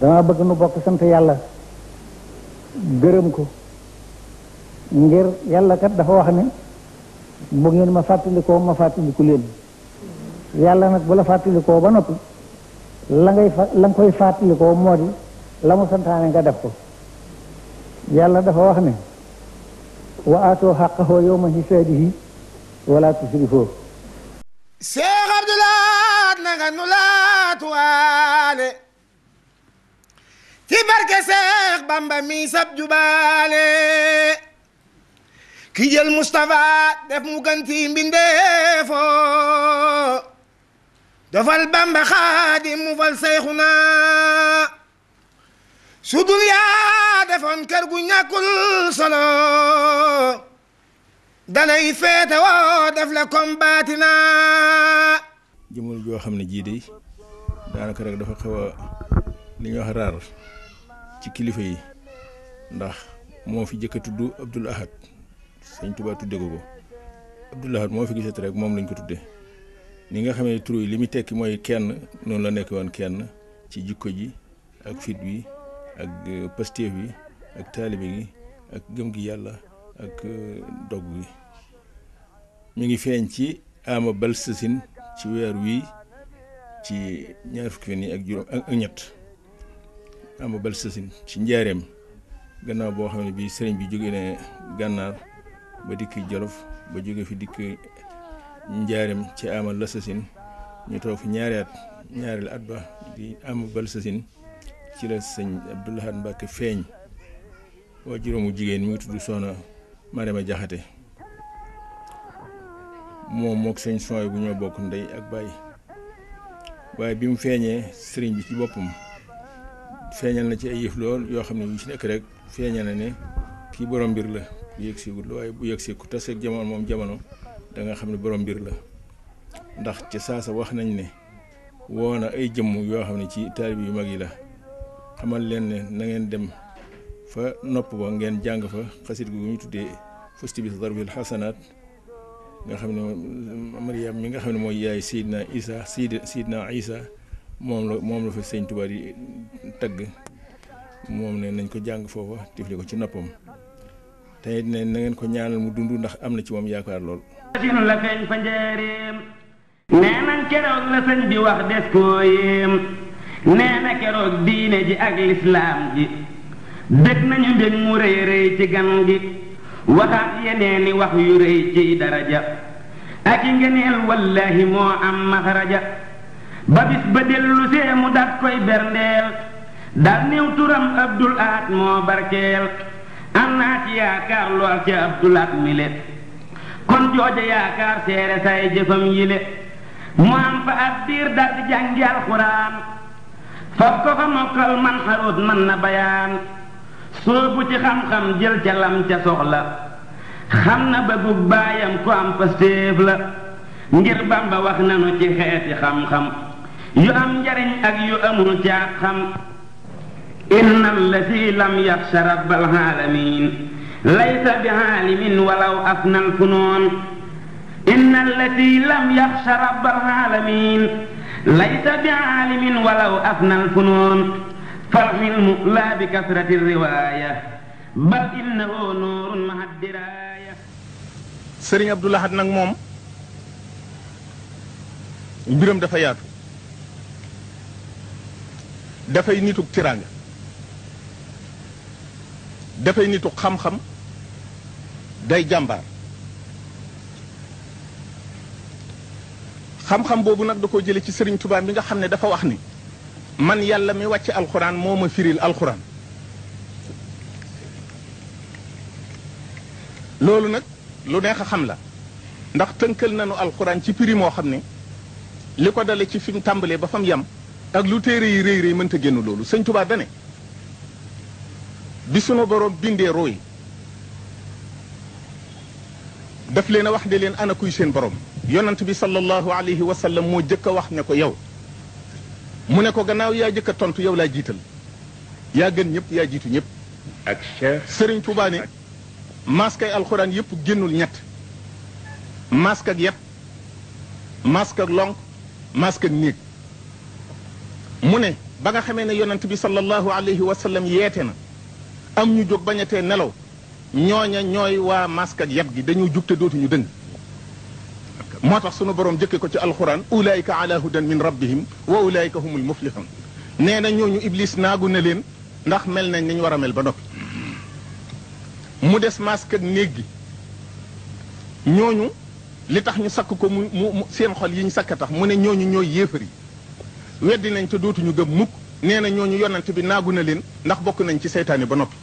dama bëgg nu bokk sant yàlla gërëm ko ngir yàlla kat dafa wax ne bu ngeen ma fàttalikoo ma fàttaliku leen yàlla nag bu la fàttalikoo ba noppi la ngay fa la nga koy fàttalikoo moo di la mu santaane nga def ko yàlla dafa wax ne wa aatoo xaqahoo yawma hisaadihi wala tusrifoo Cheikh Abdoulaye na nga nu laatuwaale ci barke Seex Bamba mi sab jubaale ki jël def mu ganti mbindeefo dofal Bamba xaadim mu fal Seyxuna su duniyaa defoon kër gu ñàkkul solo danay feete woo def la kombatina jëmul joo xam ne jii daanaka rek dafa xew a li ñuy ci kilifa yi ndax moo fi jëkk a tudd Abdul Ahad sëñ Tuubaa tudde ko ko Abdul moo fi gisati rek moom lañ ko tudde ni nga xamee tur yi li muy tekki mooy kenn noonu la nekk woon kenn ci jikko ji ak fit wi ak euh, pastéef bi ak taalibe gi ak gëm gi yàlla ak euh, dog gi mi ngi feeñ ci ama balsasin ci weer wii ci ñaar fukki fan yi ak juróom ak ñett ama bal sësin ci njaareem gannaaw boo xam ne bii sëriñ bi jóge ne gànnaar ba dikk jolof ba jóge fi dikk njaareem ci ama la sësin ñu toog fi ñaari at ñaareel at ba di ama bal ci la sëñ Abdou Lahad Mbacke feeñ waa juróomu jigéen mi ngi tudd Soxna Marema Jaxate moom mook sëñ sooy bu ñoo bokk ndey ak baay waaye bi mu feeñee sëriñ bi ci boppam feeñal na ci ay yëf lool yoo xam ne yu ci nekk rek feeñal na ne kii borom mbir la bu yëg bu yëg si ku taseeg jamono moom jamono da xam ne borom mbir la ndax ci sa wax nañ ne woo na ay jëmm yoo xam ne ci taalibe yu mag yi la xamal leen ne na ngeen dem fa nopp ba ngeen jàng fa xasit gu ñu tuddee fusti bi darbil xasanaat nga xam ne Mariam mi nga xam ne mooy yaay Seydina Isa Seydina Isa moom la moom la fa sëñ Tuubaa yi tagg moom ne nañ ko jàng foofa tifli ko ci noppam te it ne na ko ñaanal mu dund ndax am na ci moom yaakaar lool. sinu la feeñ fa njëriñ nee nañ keroog la sëñ bi wax des koo yéem nee na keroog diine ji ak lislaam ji dëkk nañu mbég mu rëy rëy ci gan gi waxaat yeneeni wax yu rëy ci daraja ak i ngeneel wallaahi moo am maxraja ba bis ba dellu see dat koy berndeel dal néew abdul ahad moo barkeel am naa ci yaakaar lool ca abdul ahad mi le kon jooja yaakaar seere say jëfam yi le mu am fa ab diir dal di jàngi alxuraan fab ko fa mokkal man xarut man na bayaan soobu ci xam-xam jël ca lam ca soxla xam na bëggug baayam ko am fa séef la ngir bamba wax nanu ci xeeti xam-xam yu am njariñ ak yu amul jaat xam inna alladi lam yaxsha rabbal alamin laysa bi aalimin walaw afna alfunoon inna alladi lam yaxsha rabbal alamin laysa bi aalimin walaw afna alfunoon falxilmu laa bi kasrati riwaaya bal innahu nuurun maha diraaya sëriñ Abdou Lahad nag moom mbiram dafa yaatu dafay nituk tiraanga dafay nituk xam-xam day jàmbaar xam-xam boobu nag da ko jële ci sëriñ tubaab bi nga xam ne dafa wax ni man yàlla mi wàcc alxuraan moo ma firil alxuraan loolu nag lu neex a xam la ndax tënkal nañu alxuraan ci piri moo xam ne li ko dale ci fi mu tàmbalee ba fa mu yem ak lu téere yi réy réy mënta génn loolu sëñ Tuubaa dane bi sunu borom bindee rooy daf leen a wax ne leen ana kuy seen borom yonant bi sallallahu alayhi wa sallam moo jëkk a wax ne ko yow mu ne ko gannaaw yaa jëkk a tontu yow laa jiital yaa gën ñëpp yaa jiitu ñëpp ak sëriñ Tuubaa ne masque ay alxuraan yëpp génnul ñett masque yet masque ak lonk masque néeg mu ne ba nga xamee ne yonent bi sallallahu alayhi wa sallam yeete na am ñu jóg bañatee nelaw ñooña ñooy waa masque ak yat gi dañu jug te dootuñu dëng moo tax sunu borom jëkke ko ci alxuraan ulaayika ala hudan min rabbihim wa ulaayika humul muflihun nee na ñooñu naa naagu na leen ndax mel nañ nañ war a mel ba noppi mu des masque néeg gi ñooñu li tax ñu sakk ko mu mu seen xol yi ñu sakka tax mu ne ñooñu ñooy yéefar yi weddi nañ te dootuñu gëm mukk nee na ñoo ñu yonante bi naagu na leen ndax bokk nañ ci seytaane ba noppi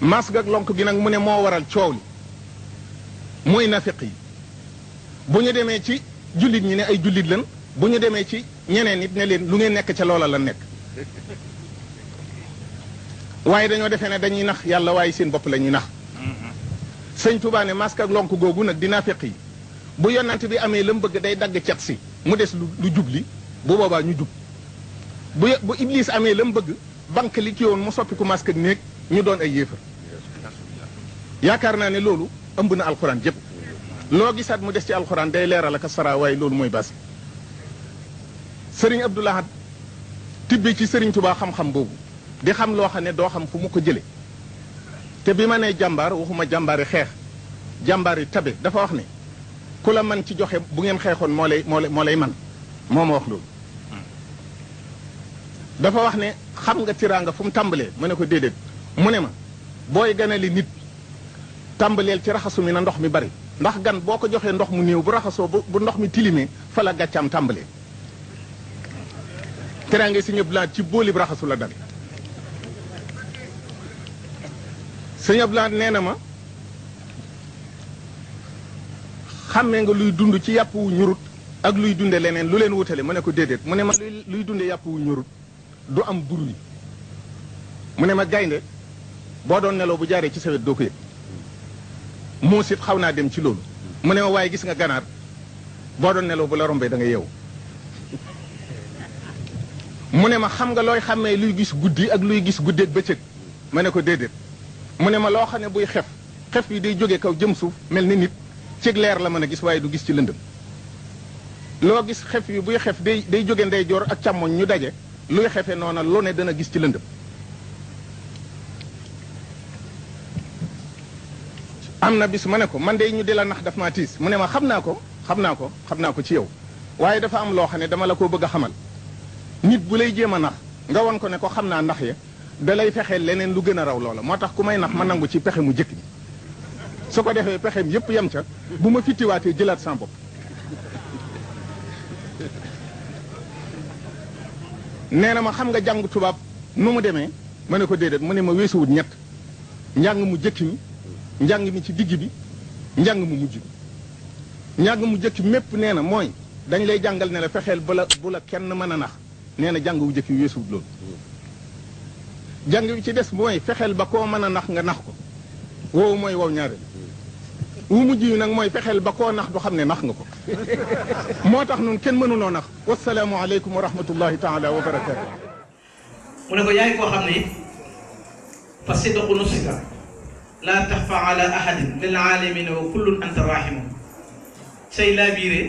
masque lonk bi nag mu ne moo waral coow li mooy nafiq yi bu ñu demee ci jullit ñi ne ay jullit lan bu ñu demee ci ñeneen it ne leen lu ngeen nekk ca loola la nekk waaye dañoo defee ne dañuy nax yàlla waaye seen bopp la ñuy nax sëñ Tuubaa ne masque lonk googu nag di nafiq yi bu yonante bi amee la mu bëgg day dagg cet si mu des lu jubli bu boobaa ñu jub bu bu Iblis amee la mu bëgg banque li woon mu soppi ku masque néeg ñu doon ay yéefar yaakaar naa ne loolu ëmb na alxuraan jépp loo gisaat mu des ci alxuraan day leeral aka saraa waaye loolu mooy bas sëriñ Abdou Lahad tibbi ci sëriñ Tubaa xam-xam boobu di xam loo xam ne doo xam fu mu ko jële te bi ma nee jàmbaar waxuma jàmbaari xeex jàmbaari tabe dafa wax ne ku la man ci joxe bu ngeen xeexoon moo moo lay moo lay man moo ma wax loolu dafa wax ne xam nga tiraanga fu mu tàmbalee ma ne ko déedéet mu ne ma booy li nit tàmbaleel ci raxasu mi na ndox mi bari ndax gan boo ko joxee ndox mu néew bu raxasoo bu ndox mi tilimee fa la gàccaam tàmbalee teraange si ñëpp laat ci bóolib raxasu la dale sëñ nee na ma xàmmee nga luy dund ci yàpp wu ñurut ak luy dunde leneen lu leen wutale ma ne ko déedéet mu ne ma luy dunde yàpp wu ñorut du am bruit mu ne ma gaynde boo doon nelaw bu jaaree ci sawet doo ko yëg moo sit xaw naa dem ci loolu mu ne ma waaye gis nga ganaar boo doon nelaw bu la rombee da yeewu mu ne ma xam nga looy xàmmee luy gis guddi ak luy gis guddeeg bëccëg ma ne ko déedéet mu ne ma loo xam ne buy xef xef yi day jóge kaw jëm suuf mel ni nit cig leer la mën a gis waaye du gis ci lëndëm loo gis xef yi buy xef day day jóge ndeyjoor ak càmmoñ ñu daje luy xefe noona lu ne dana gis ci lëndëm am na bis ma ne ko man de ñu di la nax daf maa tiis mu ne ma xam naa ko xam naa ko xam naa ko ci yow waaye dafa am loo xam ne dama la ko bëgg xamal nit bu lay jéem a nax nga won ko ne ko xam naa ndax ya dalay fexe leneen lu gën a raw loola moo tax ku may nax ma nangu ci pexe mu jëkk ñi su ko defee pexeem yépp yam ca bu ma fittiwaatee jëlaat sama bopp nee na ma xam nga jàng tubaab nu mu demee ma ne ko déedéet mu ne ma weesuwut ñett njàng mu jëkk mi njàng mi ci digg bi njàng mu mujj bi njàng mu jëkk mépp nee na mooy dañ lay jàngal ne la fexeel bu la kenn mën a nax nee na jàng wu jëkk wi weesuwut loolu jàng bi ci des mooy fexeel ba koo mën a nax nga nax ko woowu mooy wow ñaareel wu mujj yi nag mooy fexeel ba koo nax du xam ne nax nga ko moo tax nun kenn mënunoo nax wasalaamu aleykum wa rahmatullahi taala wa barakaatu mu ko yaay koo xam ne fa sidqu nusika laa taxfa ala ahadin lil alamina wa kullun anta rahimu say laa biire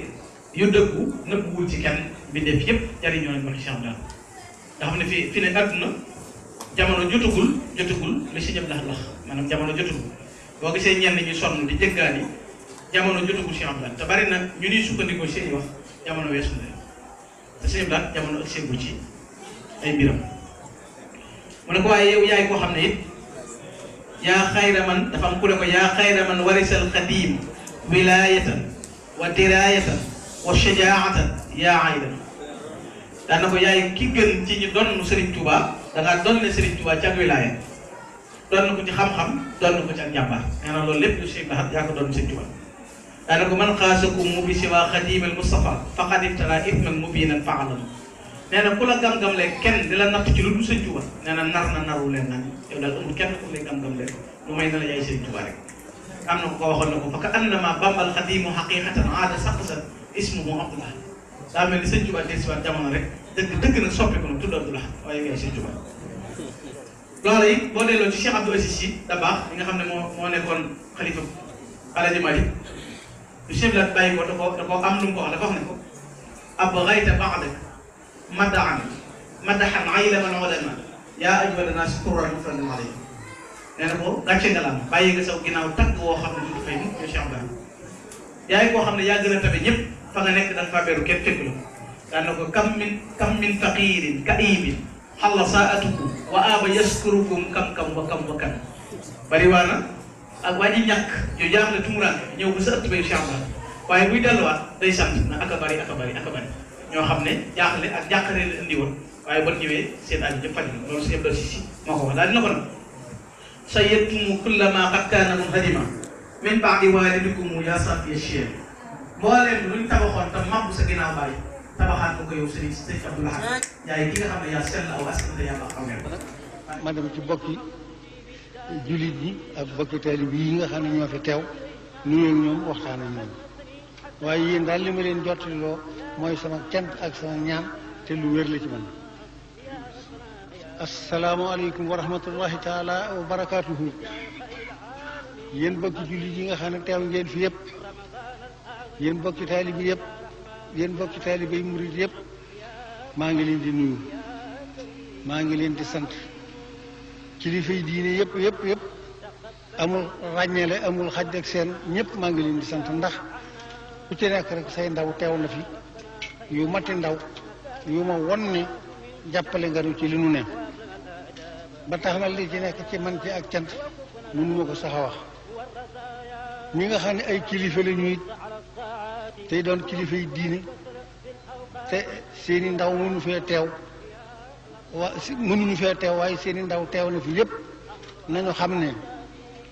yu dëggu nëbbuwul ci kenn bindeef yëpp jariñoo nañ ko ci Cheikh daal ne fi ne àdduna jamono jotugul jotugul li si ñëpp lax lax maanaam jamono jotugul boo gisee ñenn ñu sonn li jëggaani jamono jotagu Cheikh Abdoulaye te bari na ñu ni sukkandikoo seeni wax jamono weesu na te Cheikh Abdoulaye jamono ak seegu ci ay mbiram mu ne ko waaye yow yaay koo xam ne it yaa xayra man dafa am ku ne ko yaa xayra man warisal xadiim wilaayatan wa diraayatan wa shajaatan yaa aydan daan na yaay ki gën ci ñu donn Serigne Touba da ngaa donne Serigne Touba ci wilaaya doon na ko ci xam-xam doon na ko ci ak njàmbaar nee na loolu lépp lu si laxat yaa ko doon sëñ Tuubaa daana ko man xaasakum mu bi si waa xadiimal Mustafa faqad ibtala ithman mubiinan fa'alahu nee na ku la gam-gam lee kenn di la natt ci lu dul sëñ Tuubaa nee na nar na naru leen nag yow daal amul kenn ku lay gam-gam lee lu may na la yaay sëñ Tuubaa rek am na ko ko waxoon na ko fa ka annama bambal xadiimu xaqiqatan aada saqsan ismuhu Abdullah daa mel ni sëñ Tuubaa dee si waat jamono rek dëgg dëgg nag soppi ko nag tudd Abdullah waaye yaay sëñ Tuubaa loola it boo delloo ci Cheikh a Aziz Sy Dabakh mi nga xam ne moo moo nekkoon xalifa Alaaji Malik lu chef la bàyyi ko ko da am lu mu ko wax dafa wax ne ko ab rayta baxdak madaxan madaxan aylaman olama yaa ajwada naa si kuran mufradan alayhi nee na ko gàcce nga laam bàyyi nga saw ginnaaw tagg woo xam ne du fay mu yow Cheikh Abdou yaa ngi koo xam ne yaa gën a tabe ñëpp fa nga nekk na ko kam min kam min ka imin xalla saatukum wa aba yaskurukum kam kam wa kam wa kam bari waana ak waa ji ñàkk jo jaaxle tumuraan ñëw bu sa ëtt ba incha allah waaye buy delluwaat day sant na aka bari aka bari bari ñoo xam ne jaaxle ak jàqare la indi woon seen aji jëpp faj na loolu si yëpp si si moo ko wax daal dina ko nag sa yettumu kullama qad kaana munhadima min baadi waalidikum ya safiya shiyam mbooleem luñ tabaxoon te sa ginnaaw bàyyi tabaxaat ma dem ci bokki jullit yi ak bokki taalib yi nga xam ne ñoo fi teew nuyoo ñoom waxtaan ñoom waaye yéen daal li ma mooy sama cant ak sama ñaan te lu wér la ci man asalaamaaleykum wa rahmatullahi taala wa barakaatuhu yéen bokki jullit yi nga xam ne teew ngeen fi yëpp yéen bokki taalib yi yéen bokki taalibe yi murit yëpp maa ngi leen di nuyu maa ngi leen di sant ci kilifa yi diine yëpp yëpp yëpp amul ràññeele amul xaj ak seen ñëpp maa ngi leen di sant ndax ku ci nekk rek say ndaw teew la fi yu mati ndaw yu ma won ne jàppale nga nu ci li nu ne ba tax na li ci nekk ci man ci ak cant mënu ma ko sax a wax ñi nga xam ne ay kilifa la ñuy tey doon kilifa yi diine te seeni ndaw mënuñu fee teew wa mënuñu fee teew waaye seeni ndaw teew na fi yëpp nañu xam ne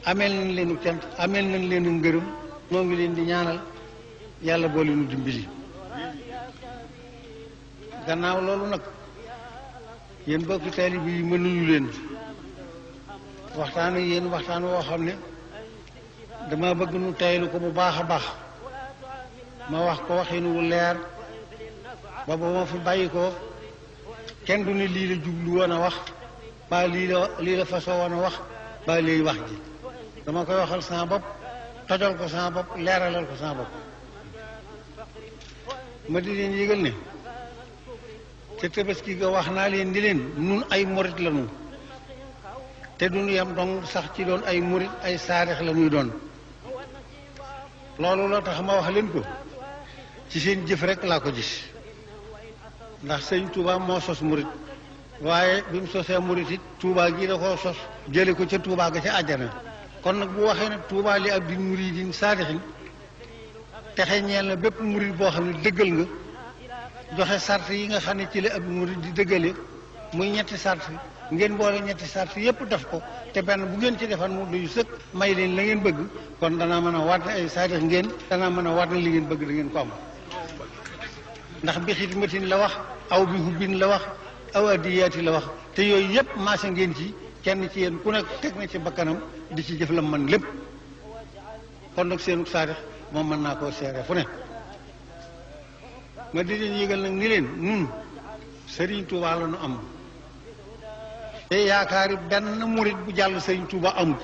ameel nañ leen cant ameel nañ leen ngërëm noo ngi leen di ñaanal yàlla boole nu dimbali gannaaw loolu nag yéen bokki taalib yi mënuñu leen waxtaan waxtaan woo xam ne dama bëgg nu taylu ko bu baax a baax ma wax ko waxin wu leer ba ba ma fi bàyyi ko kenn du ne lii la jublu woon a wax ba lii la lii la façon woon a wax ba lii wax ji dama koy waxal sama bopp tojal ko sama bopp leeralal ko sama bopp ma di leen yëgal ne te tabaski ga wax naa leen di leen nun ay morit la ñu te duñu yam dong sax ci doon ay morit ay saarix la ñuy doon loolu la tax ma wax leen ko ci seen jëf rek laa ko gis ndax sëñ Touba moo sos murit waaye bi mu sosee murit it Touba gi da koo sos jële ko ca Touba ga ca àjjana kon nag bu waxee nag Touba li ab din muridin saadixin texe ñeel na bépp murit boo xam ne dëggal nga joxe sart yi nga ne ci la ab murit di dëggale muy ñetti sart ngeen boole ñetti sart yépp def ko te benn bu ngeen ci defan mu duyu sëkk may leen la ngeen bëgg kon danaa mën a waat ne ay saadix ngeen danaa mën a waat ne li ngeen bëgg da ngeen ko am ndax bi xidmatin la wax aw bi hubbin la wax aw adiyaati la wax te yooyu yëpp maase ngeen ci kenn ci yéen ku nekk teg na ci bakkanam di ci jëf la man lépp kon nag seenu saarix moom mën naa koo seere fu ne nga di leen yëgal nag ni leen nun sëriñ Tuuba la nu am te yaakaari benn murit bu jàll sëriñ Tuuba amul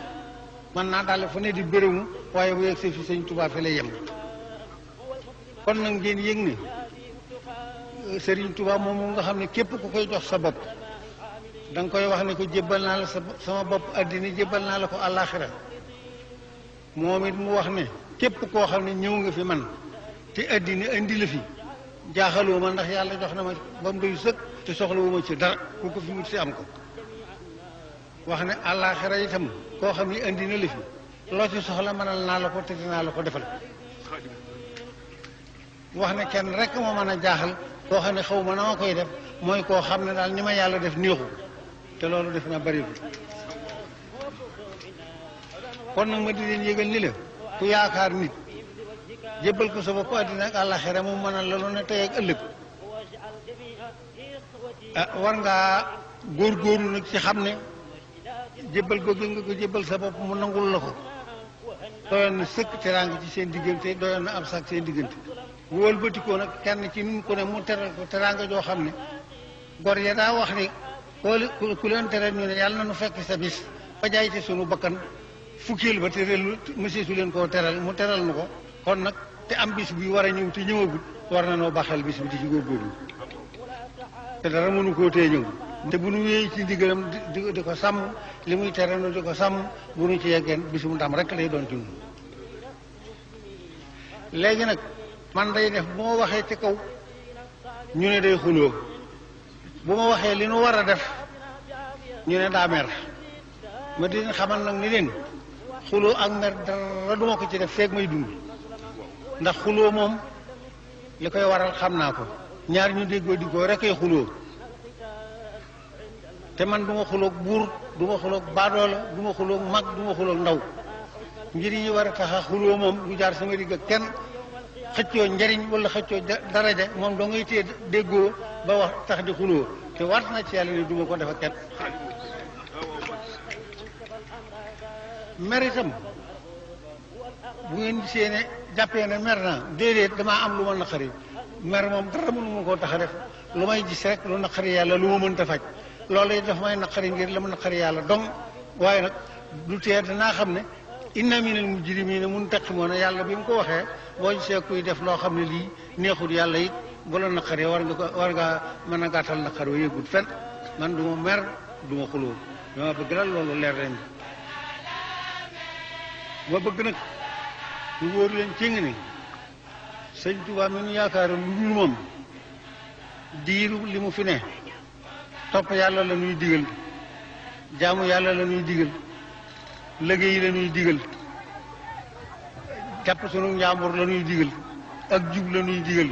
man naa daale fu ne di bérému waaye bu yegg see fi sëriñ Tuuba fi lay yem kon nag ngeen yëg ne Serigne moom moomu nga xam ne képp ku koy jox sa bopp da koy wax ne ko jébbal naa la sama bopp àddina jébbal naa la ko àllaaxira moom it mu wax ne képp koo xam ne ñëw nga fi man te àddina indi la fi jaaxaloo ma ndax yàlla jox na ma ba mu doy sëkk te soxlawu ma ci dara ku ko fi wut si am ko wax ne àllaaxira itam koo xam ne indi na la fi loo ci soxla mënal naa la ko te dinaa la ko defal wax ne kenn rek moo mën a jaaxal koo xam ne xaw ma na koy def mooy koo xam ne daal ni ma yàlla def néexu te loolu def na bëriwul kon nag ma di leen yëgal ni la ku yaakaar nit jébbal ko sa bopp àddina ak àllaxira mu mënal la lu ne tey ak ëllëg ah war ngaa góorgóorlu nag ci xam ne jébbal googu nga ko jébbal sa bopp mu nangul la ko. doyoon na sëkk teraanga ci seen diggante doyoon na ab sax seen diggante bu wëlbatikoo nag kenn ci nun ku ne mu teral ko teraanga joo xam ne gor ya daa wax ni koo ku leen teral ñu ne yàlla na nu fekk sa bis ba jaayte sunu bakkan fukkeel ba terelu monsieur su ko koo teral mu teral nu ko kon nag te am bis bi war a ñëw te ñëwagul war na noo baxal bis bi di ci góorgóorlu te dara mënu ko te ñëw te bu nu wéy ci ndigalam di di ko sàmm li muy tere nu di ko sàmm bu ñu ci yeggeen bisum ndam rek lay doon ci léegi nag man day def bu ma waxee ci kaw ñu ne day xuloo bu ma waxee li nu war a def ñu ne daa mer ma di leen xamal nag ni leen xuloo ak mer dara duma ko ci def feeg may dund ndax xuloo moom li koy waral xam naa ko ñaar ñu déggoo di ko rek ay xuloo te man du ma xuloog buur du ma xuloog baadoola du ma xuloog mag du xuloog ndaw mbir yi war a tax a xuloo moom lu jaar sama digg ak kenn xëccoo njariñ wala xëccoo ja moom doo ngay téye déggoo ba wax tax di xuloo te war na ci yàlla ni du ko defa ak kenn mer itam bu ngeen gisee ne jàppee na mer naa déedéet damaa am lu ma naqari mer moom dara mënu ma koo tax a def lu may gis rek lu naqari yàlla lu ma mënta faj loolu loolee dafa may naqari ngir la ma naqari yàlla dong waaye nag du tee naa xam ne inna minal mujrimina muntaqimoona yàlla bi mu ko waxee boo gisee kuy def loo xam ne lii neexul yàlla it bu la naqaree war nga mën a gàttal naqar wa yëgul fen man du ma mer du ma xuloo dama leer leen ma bëgg nag ñu wóor ci ngi ne sëñ Tuubaa mi nu yaakaar lu dul moom diiru li mu fi ne topp yàlla la ñuy digal jaamu yàlla la ñuy digal liggéey la ñuy digal jàpp sunu njàmbur la digal ak jub la digal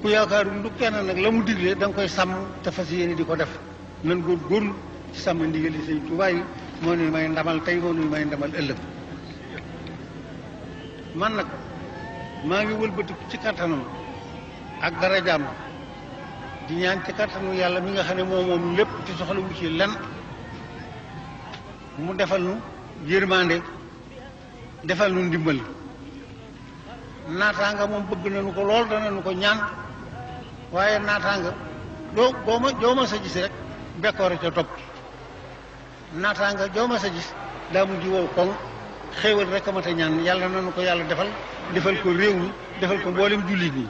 ku yaakaaru du kenn nag la mu diglee da koy sàmm te fas yéene di ko def nan góor góorlu ci sàmm ndigal yi Sëñ Tuubaa moo nuy may ndamal tey moo nuy may ndamal ëllëg man nag maa ngi wëlbatiku ci kattanam ak darajaam di ñaan ci kattanu yàlla mi nga xam ne moom moom lépp ci soxlawu ci lenn mu defal nu yërmande defal nu ndimbal naataanga moom bëgg nañu ko lool danañu ko ñaan waaye naataanga doo booma jooma sa gis rek bekkoore ca topp naataanga jooma sa gis daa mu ji wow koŋ xéewal rek a mat a ñaan yàlla nanu ko yàlla defal defal ko réew mi defal ko mboolem jullit ñi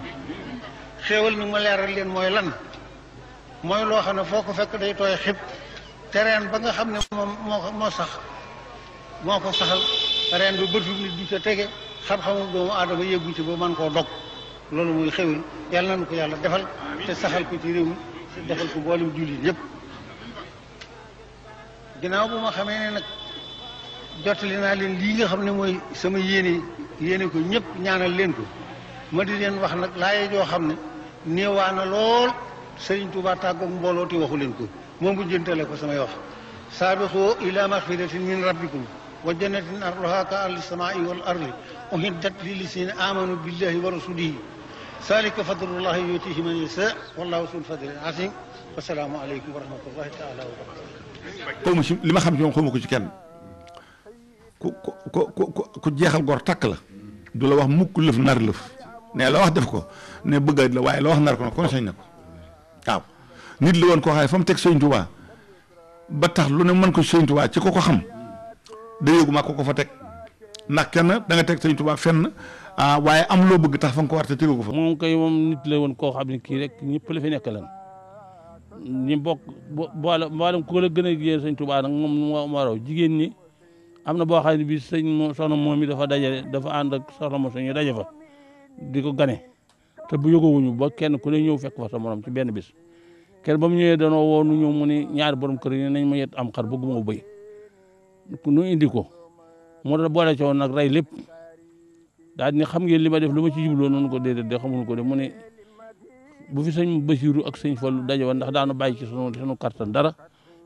xéewal ni ma leeral leen mooy lan mooy loo xam ne foo ko fekk day tooy xib te reen ba nga xam ne moom moo moo sax moo ko saxal reen bi bëtu nit du ca tege xam-xamu doomu aadama yeggu ci ba mën koo dog loolu muy xewil yàlla nañu ko yàlla defal te saxal ko ci réew mi defal ko mboolem jullit yëpp ginnaaw bu ma xamee ne nag jottali naa leen lii nga xam ne mooy sama yéene yéene ko ñëpp ñaanal leen ko ma di leen wax nag laa joo xam ne néewaa na lool Sëriñ Tuubaa tàggoog mbooloo ti waxu leen ko moom bu jëntale ko samay wax saabiqu ila maxfiratin min rabbikum wa jannatin arduha ka ardi samaai wal ardi uhiddat lillazina amanu billahi wa rasulihi zalika fadlullahi yutihi man yasa wallahu zul fadli azim wasalaamu aleykum wa rahmatullahi taala wa barakatu xaw ma si li ma xam ci moom xaw ma ko ci kenn ku ku ku ku jeexal gor takk la du la wax mukk lëf nar lëf ne la wax def ko ne bëgga la waaye la wax nar ko nag kon sañ na ko waaw nit la woon koo xam ne fa mu teg sëñ Tuubaa ba tax lu ne mën ko sëñ Tuubaa ci ko ko xam da yëgu ko ko fa teg ndax kenn da nga teg sëñ Tuubaa fenn ah, waaye am loo bëgg tax fa nga ko war te tegu ko fa. moom kay moom nit la woon koo xam ne kii rek ñëpp la fi nekk lan ñi bokk boole mboolem ku la gën a yéen jigéen ñi am na boo xam ne bii sëñ soxna moom mi dafa daje dafa ànd ak soxna moom suñu daje fa di ko gane te bu yëgowuñu ba kenn ku ne ñëw fekk fa sa morom ci benn bis kenn ba mu ñëwee danoo woo nu ñëw mu ni ñaari borom kër yi nañ ma yet am xar bëgguma bëy nu indi ko moo tax boole ci woon nag rey lépp daal ni xam ngeen li ma def lu ma ci jubloo noonu ko déedéet de xamuñu ko de mu ne bu fi sëñ Basiru ak sëñ Fallu daje woon ndax daanu bàyyi ci sunu sunu dara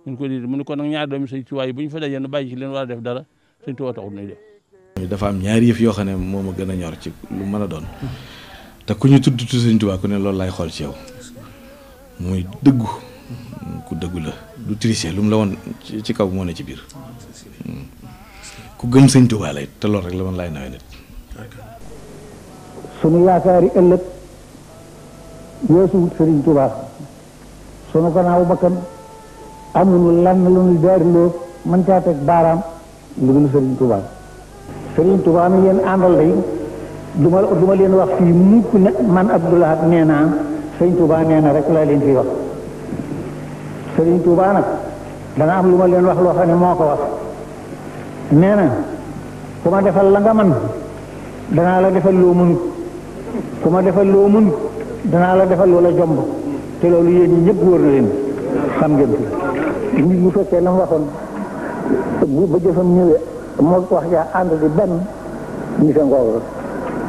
ñu ko déedéet mu ne kon nag ñaari doomi sëñ Tuubaa yi bu fa dajee nu bàyyi ci leen war a def dara sëñ Tuubaa taxul nuy dafa am ñaari yëf yoo xam ne moom a gën a ñor ci lu mën a doon te ku ñu tudd tudd Sëñ Tuubaa ku ne loolu laay xool ci yow muy dëggu ku dëggu la du tricher lu mu la woon ci kaw moo ne ci biir ku gëm Sëñ Tuubaa lay te loolu rek la man laay nawee nit sunu yaakaari ëllëg weesuwut Sëriñ Tuubaa sunu gannaaw bakkan amuñu lan lu ñu daariloo mën caa teg baaraam lu dul Sëriñ Tuubaa Sëriñ Tuubaa mi yéen àndal day du ma ma leen wax fii mukk ne man ab Lahad nee naa sëñ Touba nee na rek laa leen fi wax sëriñ Touba nag dana am lu ma leen wax loo xam ne moo ko na ku ma defal la nga man danaa la defal loo mënut ku ma defal loo mënut danaa la defal loo la jomb te loolu yéen yi ñëpp wóor na leen xam ngeen fi nit bu fekkee la mu waxoon bu ba jëfam ñëwee moo wax jaa ànd di benn ñi sa ngoogu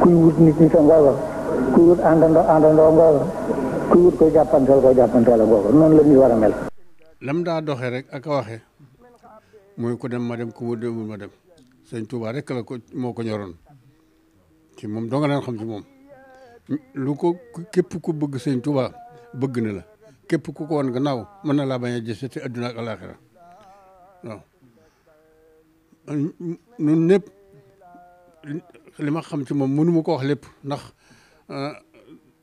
kuy wut nit ñi sa ngooga kuy wut àndandoo jàppanteel ko jàppanteel a ngooga noonu la ñuy war a mel. lam daa doxe rek ak a muy ko dem ma dem ku wut demul ma dem sëñ Touba rek la ko moo ko ñoroon ci moom doo nga leen xam ci moom lu ko képp ku bëgg sëñ Touba bëgg na la képp ku ko woon gannaaw mën na laa bañ a gis te adduna ak alaaxira waaw ñun ñëpp li ma xam ci moom mënu ma ko wax lépp ndax euh,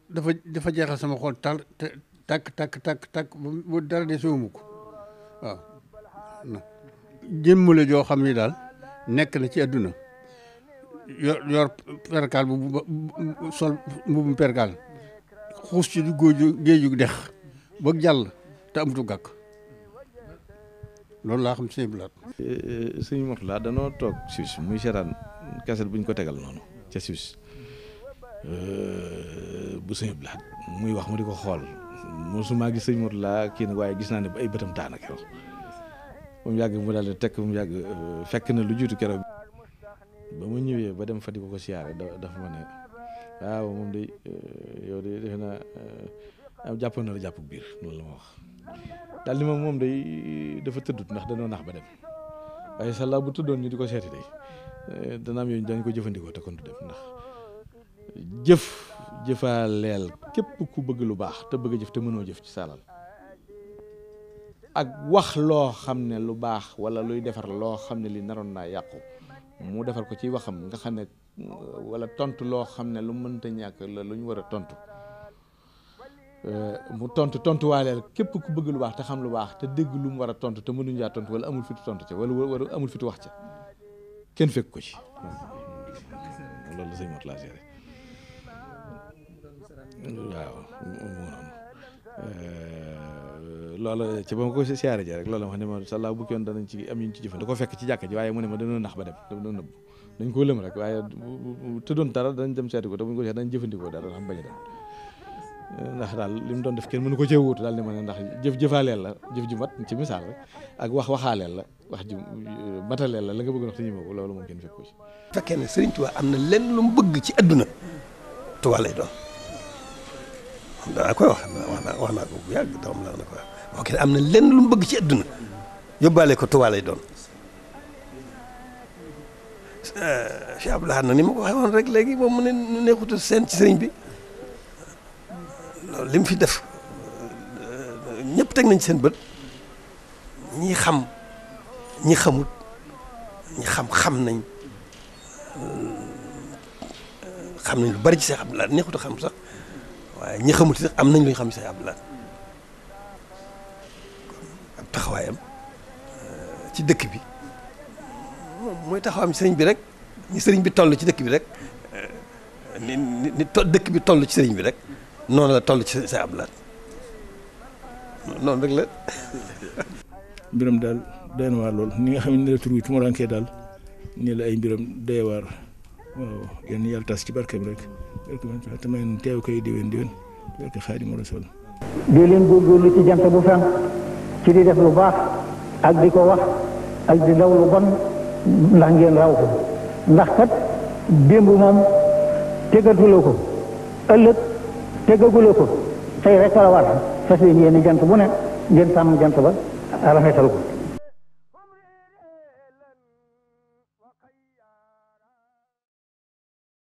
dafa dafa jeexal sama xol tal takk takk tàkk tàkk tàkk bu dara de siwumu ko waaw jëmm la joo xam ni daal nekk na ci àdduna yor yor perkaal bu sol mbubum perkaal xuus ci góoju géeju dex ba jàll te amatu gàkk loolu laa xam eh, eh, sëñ Blaat. sëñ Mourtada danoo toog si muy seetaan kaset bu ñu ko tegal noonu ca Suisse euh, bu sëñ muy wax mu di ko xool mosuma gis sëñ Modou laa kii nag waaye gis naa ne ba ay bëtam taan ak keroog mu yàgg mu daal di tekk mu yàgg euh, fekk na lu jiitu keroog ba mu ñëwee ba dem fa di ko ko siyaare dafa ma ne waaw moom de euh, yow de defe naa jàpp na la jàpp biir loolu la ma wax daal ni moom moom day dafa tëddut ndax danoo nax ba dem waaye sàllaa bu tëddoon ñu di ko seeti day Eh, dana am yooyu dañ ko jëfandikoo te kon du dem ndax jëf jëfaaleel képp ku bëgg lu baax te bëgg a jëf te mënoo jëf ci saalal ak wax loo xam ne lu baax wala luy defar loo xam ne li naroon naa yàqu mu defar ko ci wax waxam nga xam ne wala tontu loo xam ne lu mënta ñàkk la lu ñu war a tontu eh, mu tontu tontuwaaleel képp ku bëgg lu baax te xam lu baax te dégg lu mu war a tontu te mënuñu jaa tontu wala amul fitu tontu ca wala amul fitu wax ca kenn fekk ko ci loolu la sëñ Mor laa seere waaw eh, loola ci ba ma ko siyaare ji rek loola ma ne ma sàllaa bu kenn danañ ci am ñu ci ci jàkka ji waaye mu ne ma dañoo nax ba dem dañoo nëbb dañ koo lëm rek waaye tëddoon dara danañ dem seeti ko te buñ ko seet dañ jëfandikoo dara xam bañ a ndax daal li doon def kenn mënu ko cee wuutu daal ni ma ne ndax jëf jëfaaleel la jëf ju mat ci misaal rek ak wax waxaaleel la wax ju euh, mataleel la la nga bëgg wax te ñi ko loolu moom kenn fekk ko ci fekkee ne am na lenn lu mu bëgg ci adduna Tuubaa lay doon wax wax naa ko bu yàgg doom la na ko ok am na lenn lu mu bëgg ci adduna ko Tuubaa lay doon euh, na ni ma ko waxee rek léegi moom mu ne neexutu seen ci sëriñ bi li mu fi def ñëpp teg nañ seen bët ñi xam ñi xamut ñi xam xam nañ xam nañ lu bari ci Cheikh Abdou Lahad neexut a xam sax waaye ñi xamut sax am nañ lu ñu xam ci Cheikh Abdou ab taxawaayam ci dëkk bi mooy taxawaam sëriñ bi rek ni sëriñ bi toll ci dëkk bi rek ni ni dëkk bi toll ci sëriñ bi rek noonu la toll ci sa ab laat noonu rek la. mbiram daal doy lool ni nga xam ne la tur bi tumuraanke daal nii la ay mbiram doy waar waaw yéen yàlla ci barke bi rek barke bi rek bu fenk ci di lu baax ak di ko wax ak di daw lu bon ndax ngeen raw ko ndax kat démb moom tegatuloo ko ëllëg. tegagula ko tey rek la war fas yéene jant bu ne ngeen sàmm jant ba rafetal ko